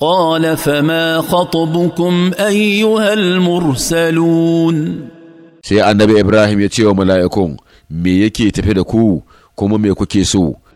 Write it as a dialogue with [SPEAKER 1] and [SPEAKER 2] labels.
[SPEAKER 1] قال فما خطبكم أيها المرسلون
[SPEAKER 2] سيئا النبي إبراهيم يتيو ملايكم مي تفيدكو
[SPEAKER 3] كومو مي كوكيسو